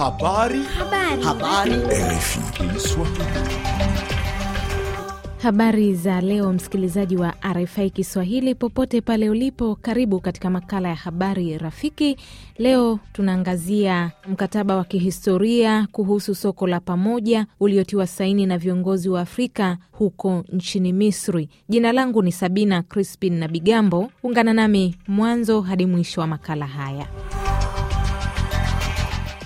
Habari. Habari. Habari. Habari za leo, msikilizaji wa RFI Kiswahili popote pale ulipo, karibu katika makala ya habari rafiki. Leo tunaangazia mkataba wa kihistoria kuhusu soko la pamoja uliotiwa saini na viongozi wa Afrika huko nchini Misri. Jina langu ni Sabina Crispin na Bigambo, ungana nami mwanzo hadi mwisho wa makala haya.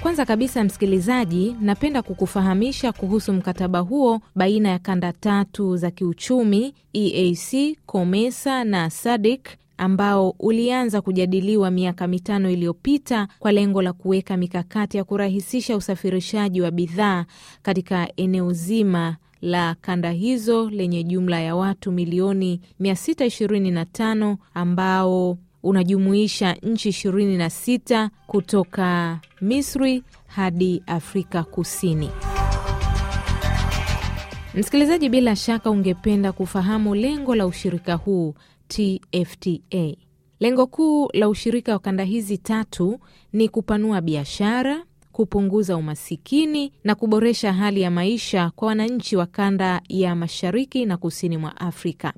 Kwanza kabisa, msikilizaji, napenda kukufahamisha kuhusu mkataba huo baina ya kanda tatu za kiuchumi EAC, COMESA na SADC ambao ulianza kujadiliwa miaka mitano iliyopita kwa lengo la kuweka mikakati ya kurahisisha usafirishaji wa bidhaa katika eneo zima la kanda hizo lenye jumla ya watu milioni 625 ambao unajumuisha nchi 26 kutoka Misri hadi Afrika Kusini. Msikilizaji, bila shaka ungependa kufahamu lengo la ushirika huu TFTA. Lengo kuu la ushirika wa kanda hizi tatu ni kupanua biashara, kupunguza umasikini na kuboresha hali ya maisha kwa wananchi wa kanda ya Mashariki na Kusini mwa Afrika.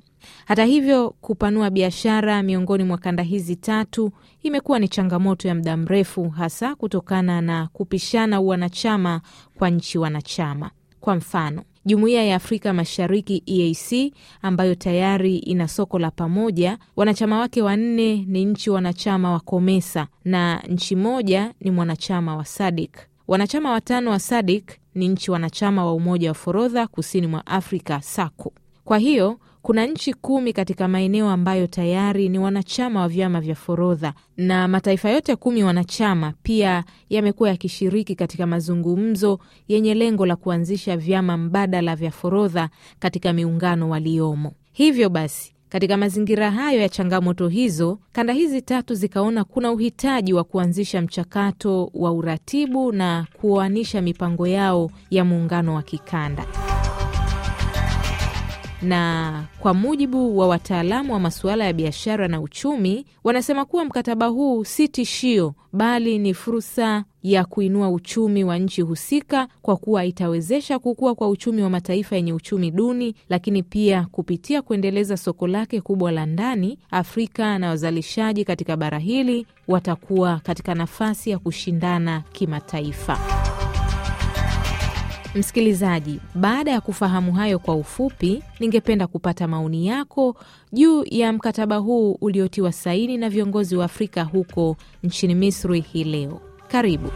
Hata hivyo, kupanua biashara miongoni mwa kanda hizi tatu imekuwa ni changamoto ya muda mrefu, hasa kutokana na kupishana uwanachama kwa nchi wanachama. Kwa mfano, Jumuiya ya Afrika Mashariki EAC ambayo tayari ina soko la pamoja, wanachama wake wanne ni nchi wanachama wa COMESA na nchi moja ni mwanachama wa SADIK. Wanachama watano wa SADIK ni nchi wanachama wa Umoja wa Forodha Kusini mwa Afrika SACU. Kwa hiyo kuna nchi kumi katika maeneo ambayo tayari ni wanachama wa vyama vya forodha na mataifa yote kumi wanachama pia yamekuwa yakishiriki katika mazungumzo yenye lengo la kuanzisha vyama mbadala vya forodha katika miungano waliomo. Hivyo basi katika mazingira hayo ya changamoto hizo, kanda hizi tatu zikaona kuna uhitaji wa kuanzisha mchakato wa uratibu na kuoanisha mipango yao ya muungano wa kikanda na kwa mujibu wa wataalamu wa masuala ya biashara na uchumi, wanasema kuwa mkataba huu si tishio, bali ni fursa ya kuinua uchumi wa nchi husika, kwa kuwa itawezesha kukua kwa uchumi wa mataifa yenye uchumi duni, lakini pia kupitia kuendeleza soko lake kubwa la ndani, Afrika na wazalishaji katika bara hili watakuwa katika nafasi ya kushindana kimataifa. Msikilizaji, baada ya kufahamu hayo kwa ufupi, ningependa kupata maoni yako juu ya mkataba huu uliotiwa saini na viongozi wa Afrika huko nchini Misri hii leo. Karibu.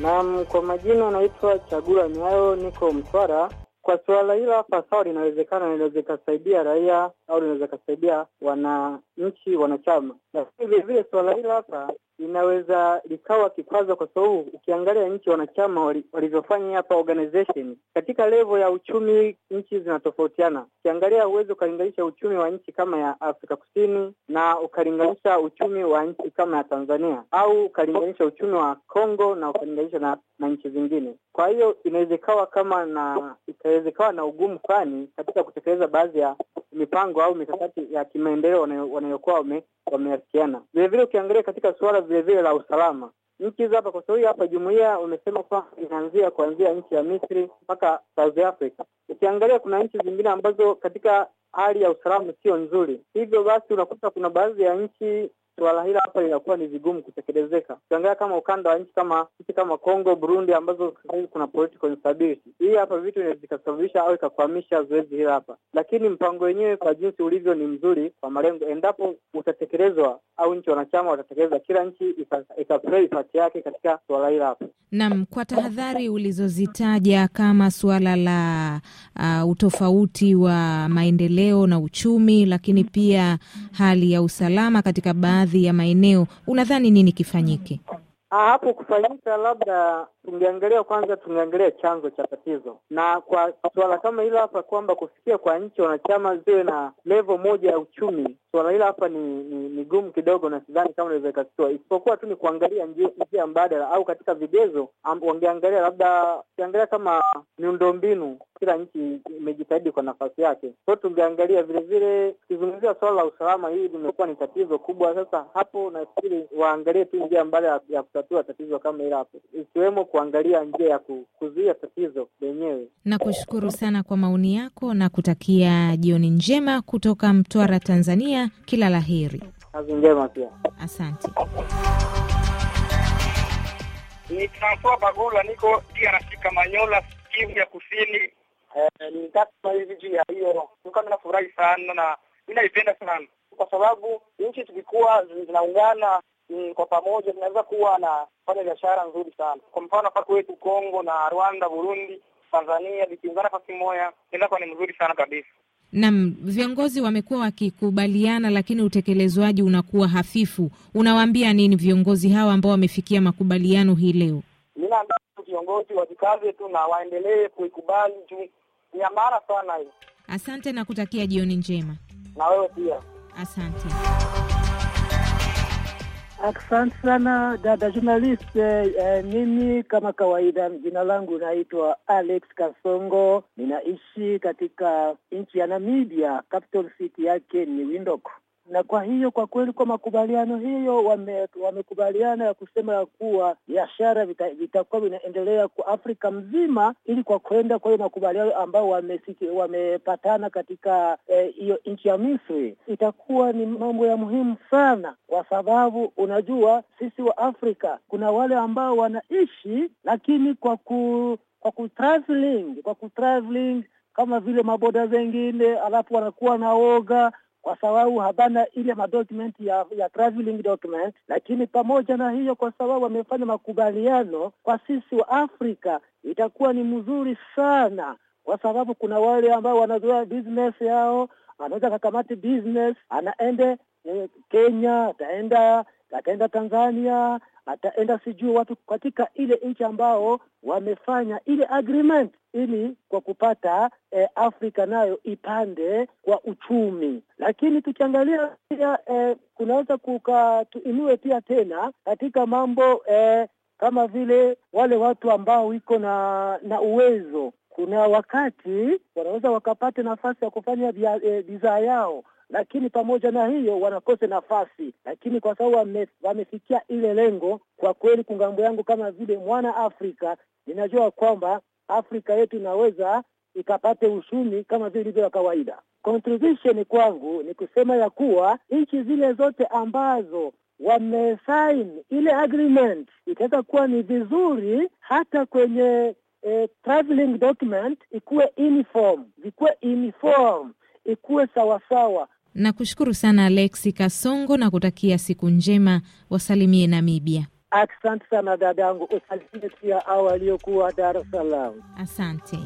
Naam, kwa majina anaitwa Chagula Nyayo, niko Mtwara. Kwa suala hilo hapa, sawa, linawezekana linaweza ikasaidia raia au linaweza kasaidia wananchi wanachama. Lakini vilevile suala hilo hapa inaweza likawa kikwazo, kwa sababu ukiangalia nchi wanachama walivyofanya hapa organization katika levo ya uchumi, nchi zinatofautiana. Ukiangalia huwezi ukalinganisha uchumi wa nchi kama ya Afrika Kusini na ukalinganisha uchumi wa nchi kama ya Tanzania au ukalinganisha uchumi wa Kongo na ukalinganisha na, na nchi zingine. Kwa hiyo inaweza ikawa kama na itaweza ikawa na ugumu fulani katika kutekeleza baadhi ya mipango malengo au mikakati ya kimaendeleo wanayokuwa wameafikiana. Vilevile ukiangalia katika suala vilevile la usalama nchi hizo hapa kwa sababu hapa jumuia wamesema kwamba inaanzia kuanzia nchi ya Misri mpaka South Africa. Ukiangalia kuna nchi zingine ambazo katika hali ya usalama sio nzuri, hivyo basi unakuta kuna baadhi ya nchi suala hilo hapa linakuwa ni vigumu kutekelezeka. Ukiangalia kama ukanda wa nchi kama nchi kama Kongo, Burundi ambazo kuna political instability hii hapa, vitu vikasababisha au ikakwamisha zoezi hili hapa, lakini mpango wenyewe kwa jinsi ulivyo ni mzuri kwa malengo, endapo utatekelezwa au nchi wanachama watatekeleza, kila nchi ikaplay part yake katika suala hili hapa. Naam, kwa tahadhari ulizozitaja kama suala la uh, utofauti wa maendeleo na uchumi, lakini pia hali ya usalama katika baadhi baadhi ya maeneo, unadhani nini kifanyike? Ah, hapo kufanyika labda tungeangalia kwanza, tungeangalia chanzo cha tatizo, na kwa suala kama hilo hapa kwamba kufikia kwa nchi wanachama ziwe na level moja ya uchumi, suala hilo hapa ni, ni, ni gumu kidogo, na sidhani kama inaweza ikatatua, isipokuwa tu ni kuangalia njia mbadala, au katika vigezo wangeangalia labda, ukiangalia kama miundombinu kila nchi imejitahidi kwa nafasi yake. Kwa tungeangalia vilevile, tukizungumzia suala la usalama, hili limekuwa ni tatizo kubwa. Sasa hapo nafikiri waangalie tu njia mbadala ya kutatua tatizo kama hili hapo, ikiwemo kuangalia njia ya kuzuia tatizo lenyewe. Nakushukuru sana kwa maoni yako na kutakia jioni njema kutoka Mtwara, Tanzania. Kila la heri, kazi njema pia, asante. Ni Francois Bagula, niko DRC Kamanyola, Kivu ya Kusini, Eh, ni hivi juu ya hiyo kama nafurahi sana na mi naipenda sana kwa sababu nchi zikikuwa zinaungana mm, kwa pamoja zinaweza kuwa na fanya biashara nzuri sana. Kwa mfano hapa kwetu congo na Rwanda, Burundi, Tanzania vikiungana pasi moya inaweza kuwa ni mzuri sana kabisa. nam viongozi wamekuwa wakikubaliana, lakini utekelezwaji unakuwa hafifu. Unawaambia nini viongozi hawa ambao wamefikia makubaliano hii leo? Ninaambia viongozi wajikaze tu na waendelee kuikubali juu ni amara sana hiyo. Asante na kutakia jioni njema. Na wewe pia asante. Asante sana dada journalist. Eh, eh, mimi kama kawaida, jina langu naitwa Alex Kasongo, ninaishi katika nchi ya Namibia, capital city yake ni Windhoek na kwa hiyo kwa kweli kwa makubaliano hiyo wamekubaliana wame ya kusema ya kuwa biashara vitakuwa vinaendelea kwa Afrika mzima, ili kwa kwenda kwa hiyo makubaliano ambao wamepatana wame katika eh, hiyo eh, nchi ya Misri, itakuwa ni mambo ya muhimu sana, kwa sababu unajua sisi wa Afrika kuna wale ambao wanaishi lakini kwa ku kwa kutraveling kwa kutraveling kama vile maboda zengine, alafu wanakuwa na woga kwa sababu hapana ile madocument ya ya traveling document. Lakini pamoja na hiyo, kwa sababu wamefanya makubaliano, kwa sisi wa Afrika itakuwa ni mzuri sana, kwa sababu kuna wale ambao wanazoea business yao, anaweza kakamati business anaende eh, Kenya, ataenda ataenda Tanzania ataenda sijui watu katika ile nchi ambao wamefanya ile agreement ili kwa kupata e, Afrika nayo ipande kwa uchumi. Lakini tukiangalia pia e, kunaweza kukatuinue pia tena katika mambo e, kama vile wale watu ambao iko na na uwezo, kuna wakati wanaweza wakapata nafasi ya kufanya bidhaa e, yao lakini pamoja na hiyo wanakose nafasi, lakini kwa sababu wamefikia ile lengo, kwa kweli kungambo yangu kama vile mwana Afrika ninajua kwamba Afrika yetu inaweza ikapate uchumi kama vile ilivyo ya kawaida. Contribution kwangu ni kusema ya kuwa nchi zile zote ambazo wamesaini ile agreement, itaweza kuwa ni vizuri hata kwenye eh, traveling document ikuwe uniform, ikuwe uniform, ikuwe sawasawa Nakushukuru sana Alexi Kasongo na kutakia siku njema. Wasalimie Namibia. Asante sana dadangu, usalimie pia au aliyokuwa Dar es Salaam. Asante.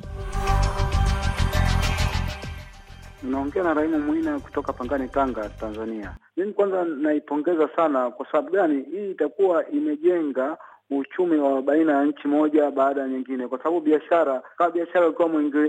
Naongea na Raimu Mwina kutoka Pangani, Tanga, Tanzania. Mimi kwanza naipongeza sana. Kwa sababu gani? Hii itakuwa imejenga uchumi wa baina ya nchi moja baada ya nyingine, kwa sababu biashara kama biashara ikiwa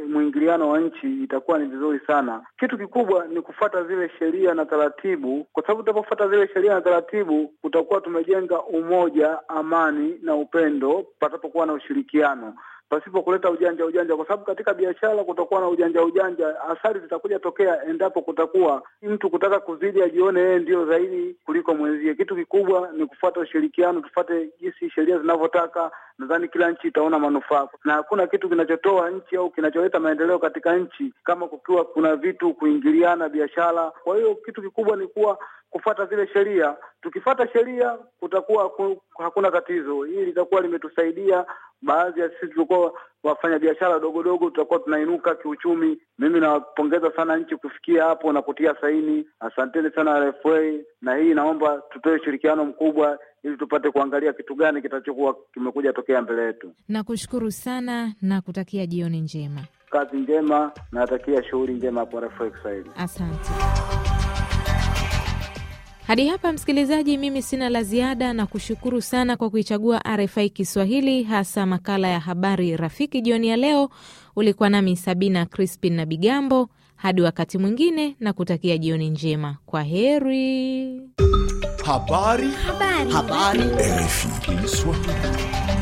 mwingiliano wa nchi, itakuwa ni vizuri sana. Kitu kikubwa ni kufata zile sheria na taratibu, kwa sababu tunapofata zile sheria na taratibu, utakuwa tumejenga umoja, amani na upendo patapokuwa na ushirikiano pasipo kuleta ujanja ujanja, kwa sababu katika biashara kutakuwa na ujanja ujanja, athari zitakuja tokea endapo kutakuwa mtu kutaka kuzidi ajione yeye ndiyo zaidi kuliko mwenzie. Kitu kikubwa ni kufuata ushirikiano, tufate jinsi sheria zinavyotaka. Nadhani kila nchi itaona manufaa, na hakuna kitu kinachotoa nchi au kinacholeta maendeleo katika nchi kama kukiwa kuna vitu kuingiliana biashara. Kwa hiyo kitu kikubwa ni kuwa kufuata zile sheria. Tukifuata sheria kutakuwa hakuna tatizo. Hili litakuwa limetusaidia baadhi ya sisi tulikuwa wafanyabiashara dogo dogo, tutakuwa tunainuka kiuchumi. Mimi nawapongeza sana nchi kufikia hapo na kutia saini. Asanteni sana RFA, na hii naomba tutoe ushirikiano mkubwa ili tupate kuangalia kitu gani kitachokuwa kimekuja tokea mbele yetu. Nakushukuru sana na kutakia jioni njema, kazi njema, natakia shughuli njema hapo RFA Kiswahili. Asante. Hadi hapa msikilizaji, mimi sina la ziada na kushukuru sana kwa kuichagua RFI Kiswahili, hasa makala ya habari rafiki jioni ya leo. Ulikuwa nami Sabina Crispin na Bigambo. Hadi wakati mwingine, na kutakia jioni njema. Kwa heri. habari. Habari. Habari. RFI Kiswahili.